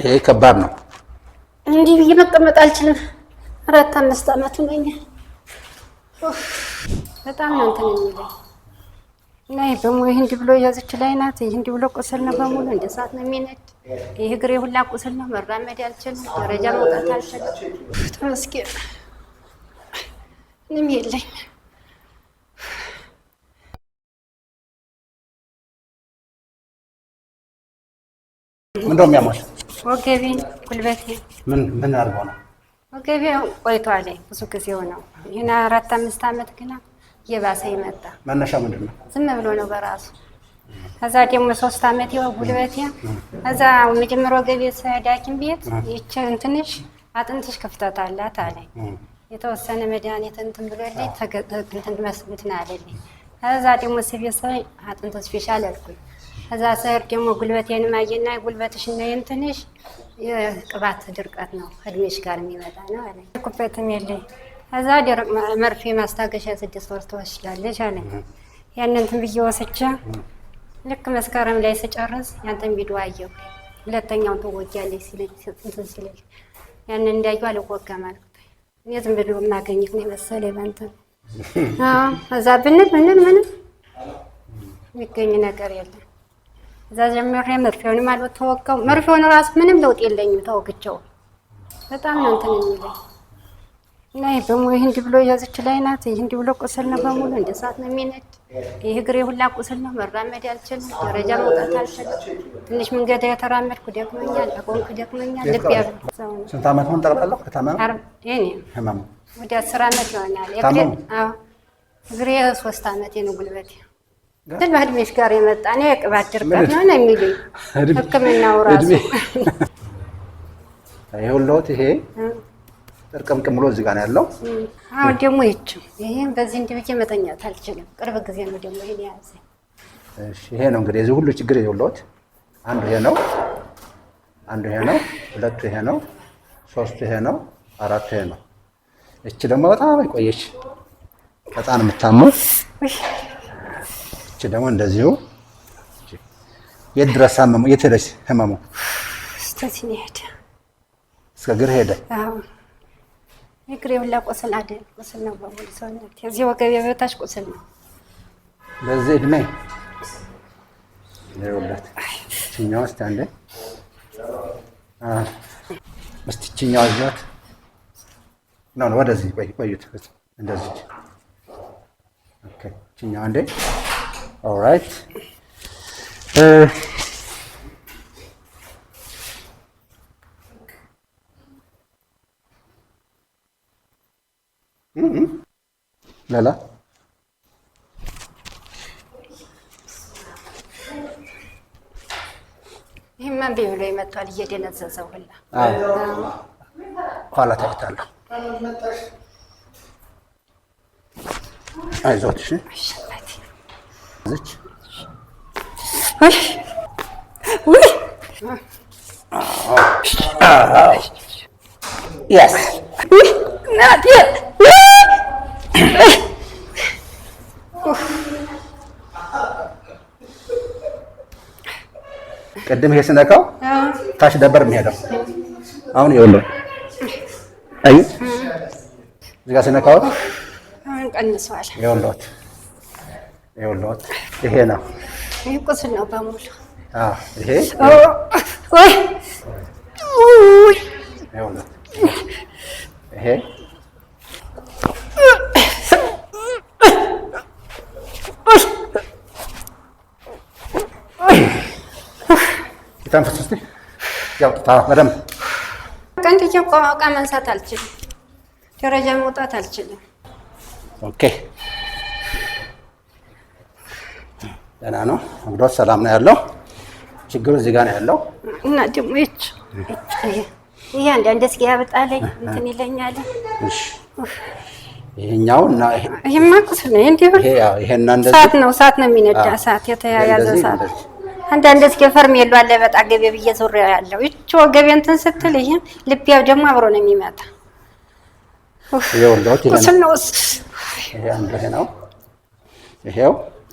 ይሄ ከባድ ነው። እንዲህ ብዬ መቀመጥ አልችልም። አራት አምስት ዓመት ሆነኛል። በጣም ነው እንትን የሚለኝ እና ይህ ይህ እንዲህ ብሎ እያዘች ላይ ናት። ይህ እንዲህ ብሎ ቁስል ነው በሙሉ እንደ ሰዓት ነው የሚነድ። ይህ እግሬ ሁላ ቁስል ነው። መራመድ አልችልም። ደረጃ መውጣት አልችልም። ተመስገን ምንም ምንድነው የሚያሟል? ወገቤ ጉልበቴ ምን ምን አድርጎ ነው? ወገቤ ቆይቷል፣ ብዙ ጊዜ ሆነው ይህን አራት አምስት አመት ግና እየባሰ ይመጣ። መነሻ ምንድን ነው? ዝም ብሎ ነው በራሱ። ከዛ ደግሞ ሶስት አመት ይኸው ጉልበቴ ከዛ መጀመሪያ ወገቤ ስሄድ ሐኪም ቤት ይችን ትንሽ አጥንትሽ ክፍተት አላት አለኝ። የተወሰነ መድኃኒት እንትን ብሎልኝ እንትን አለልኝ። ከዛ ደግሞ ስቤ ስሄድ አጥንት ሆስፒሻል አልኩኝ ከዛ ሰር ደግሞ ጉልበቴን ማየና ጉልበትሽ እና የእንትንሽ የቅባት ድርቀት ነው እድሜሽ ጋር የሚመጣ ነው አለ። ኩበትም የለኝ። ከዛ ደረቅ መርፌ ማስታገሻ ስድስት ወር ትወስዳለች አለ። ያንንትን ብዬ ወስጃ ልክ መስከረም ላይ ስጨርስ ያንተን ቪዲዮ አየሁ። ሁለተኛውን ትወጊያለች ሲለኝ እንትን ሲለኝ ያንን እንዳዩ አልወጋም አልኩት። እኔ ዝም ብሎ የማገኘት ነው የመሰለኝ በእንትን እዛ ብንል ምንል ምንም የሚገኝ ነገር የለም። እዛ ጀምሬ መርፌውንም አልተወቀው መርፌውን ራሱ ምንም ለውጥ የለኝም ተወግቸው በጣም ነው እንትን የሚለኝ እና ይህ በሙ ይህ እንዲህ ብሎ ያዘች ላይ ናት። ይህ እንዲህ ብሎ ቁስል ነው በሙሉ እንደ ሰዓት ነው የሚነድ። ይህ እግሬ ሁላ ቁስል ነው። መራመድ አልችልም። ደረጃ መውጣት አልችልም። ትንሽ መንገድ የተራመድኩ ደክመኛል። አቆምኩ ደክመኛል። ልብ ያሉ ስንት ዓመት ሆን ጠቅጠለሁ ከታመመ ወደ አስር ዓመት ይሆናል። እግሬ ሶስት ዓመት ነው ጉልበቴ ግን በእድሜሽ ጋር የመጣ እኔ የቅባት ድርቀት ነው ነው የሚሉኝ ሕክምናው ራሱ ይኸውልዎት፣ ይሄ ጥርቅምቅም ብሎ እዚህ ጋር ነው ያለው። አሁን ደግሞ ይችው ይህም በዚህ እንዲህ ብዬ መተኛት አልችልም። ቅርብ ጊዜ ነው ደግሞ ይሄን የያዘኝ። ይሄ ነው እንግዲህ የዚህ ሁሉ ችግር ይኸውልዎት፣ አንዱ ይሄ ነው፣ አንዱ ይሄ ነው፣ ሁለቱ ይሄ ነው፣ ሶስቱ ይሄ ነው፣ አራቱ ይሄ ነው። እቺ ደግሞ በጣም የቆየች በጣም የምታመው ደግሞ እንደዚሁ የት ድረስ አመሙ? የት ሄደች ህመሙ? እስከዚህ ነው እስከ እግር ሄደ። እግሬ ሁላ ቁስል አደ ቁስል ነው በሙሉ ሰውነት የዚህ ወገብ የበታች ቁስል ነው። በዚህ እድሜ ይኸውልህ፣ ይችኛዋ እስኪ አንዴ እስኪ ይችኛዋ እዛት ነው ወደዚህ ቆይ ቆዩት እንደዚህ ይችኛዋ አንዴ All right. Uh, mm-hmm. Lala. ይህማ ቢብሎ ይመቷል እየደነዘዘው ሁላ ኋላ ታይታለሁ። አይዞት እሺ ቅድም ይሄ ስነካው ታች ነበር የሚሄደው። አሁን ይኸውልህ አይ እዚህ ጋር ስነካው ይኸውልዎት ይሄ ነው። ይሄ ቁስል ነው በሙሉ። ይሄ ይሄ ተንፍስ እስኪ ያውጣ በደምብ። ቀንድዬ እቃ መንሳት አልችልም፣ ደረጃ መውጣት አልችልም። ኦኬ ደህና ነው እንግዲህ ሰላም ነው ያለው። ችግሩ እዚህ ጋር ነው ያለው እና ደግሞ ይች ይሄ አንድ አንድ እስኪ ያበጣለኝ እንትን ይለኛል። እሺ ይሄኛው እና ይሄማ ቁስል ነው እንዴ? ይሄና እንደዚህ ሰዓት ነው ሰዓት ነው የሚነዳ ሰዓት የተያያዘ ሰዓት አንድ አንድ እስኪ ፈርም የለው አለ በጣ ገቤ ብዬ ዙሪያ ያለው ይቺ ወገቤ እንትን ስትል ይሄ ያው ደግሞ አብሮ ነው የሚመጣ ቁስል ነው። ይሄ አንድ ነው ይሄው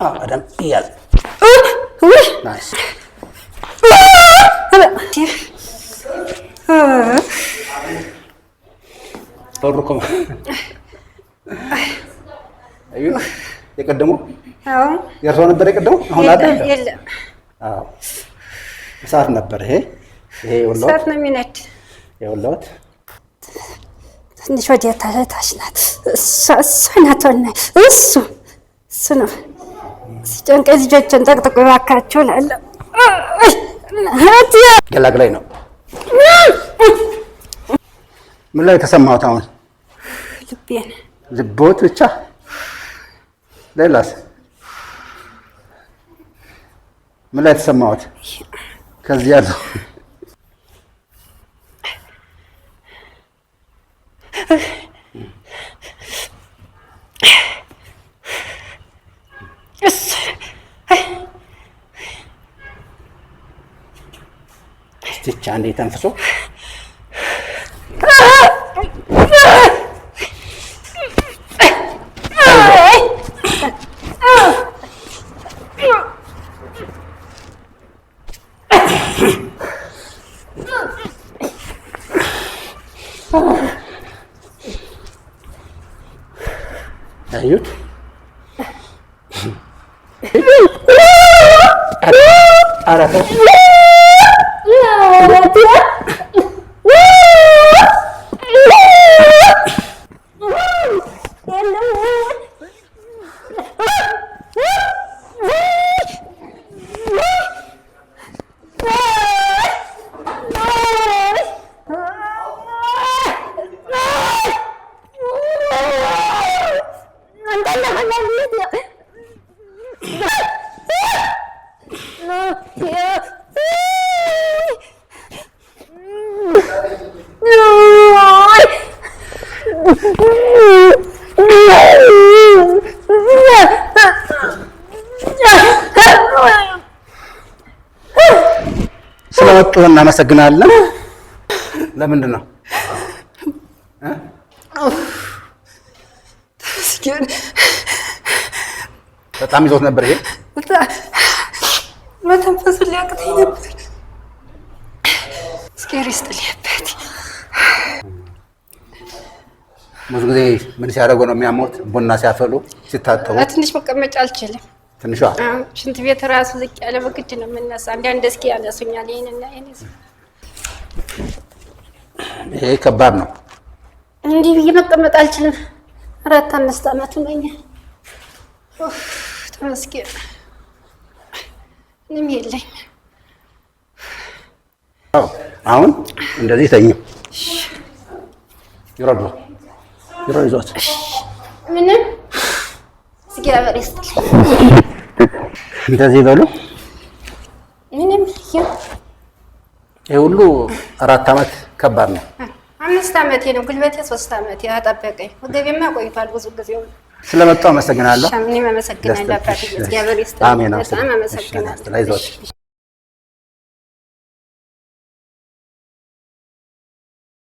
በደምብ እያዝ። የቀደሙ የእርሷ ነበር የቀደሙ። አሁን እሳት ነበር ይሄ ይሄ እሳት ነው የሚነድ የወለወት ትንሽ ወዲያ ታች ናት እሷ ናት እሱ እሱ ነው ሲጨንቀኝ ልጆችን ጠቅጥቆ እባካችሁ እላለሁ። ገላግላይ ነው። ምን ላይ ተሰማሁት? አሁን ልቤን ልቦት ብቻ ሌላስ ምን ላይ ተሰማሁት? ከዚህ ያለው ብቻ እንዴ ተንፍሶ ያዩት አረፈ Raja. Tanda-tanda ስለወጡህ እናመሰግናለን። ለምንድን ነው በጣም ይዞት ነበር? ይሄ መተንፈስ ሊያቅተኝ ነበር። ስኬር ይስጥልበት። ብዙ ጊዜ ምን ሲያደርጉ ነው የሚያሞት? ቡና ሲያፈሉ፣ ሲታጠቡ። ትንሽ መቀመጫ አልችልም ትንሿ ሽንት ቤት ራሱ ዝቅ ያለ በግድ ነው የምነሳ። አንዳንድ እስኪ ያነሱኛል። ይህንና ይሄ ከባድ ነው። እንዲህ ብዬ መቀመጥ አልችልም። አራት አምስት ዓመት ሆኖኛል። ተመስገን ምንም የለኝ። አሁን እንደዚህ ይረዱ ይዟት ምንም እግዚአብሔር ይስጥልኝ። እንደዚህ በሉ። ምንም ይሄ ሁሉ አራት አመት ከባድ ነው። አምስት አመቴ ነው ጉልበቴ፣ ሶስት አመቴ አጠበቀኝ። ወገቤማ ቆይቷል ብዙ ጊዜ። ስለመጣሁ አመሰግናለሁ። አሜን፣ አመሰግናለሁ።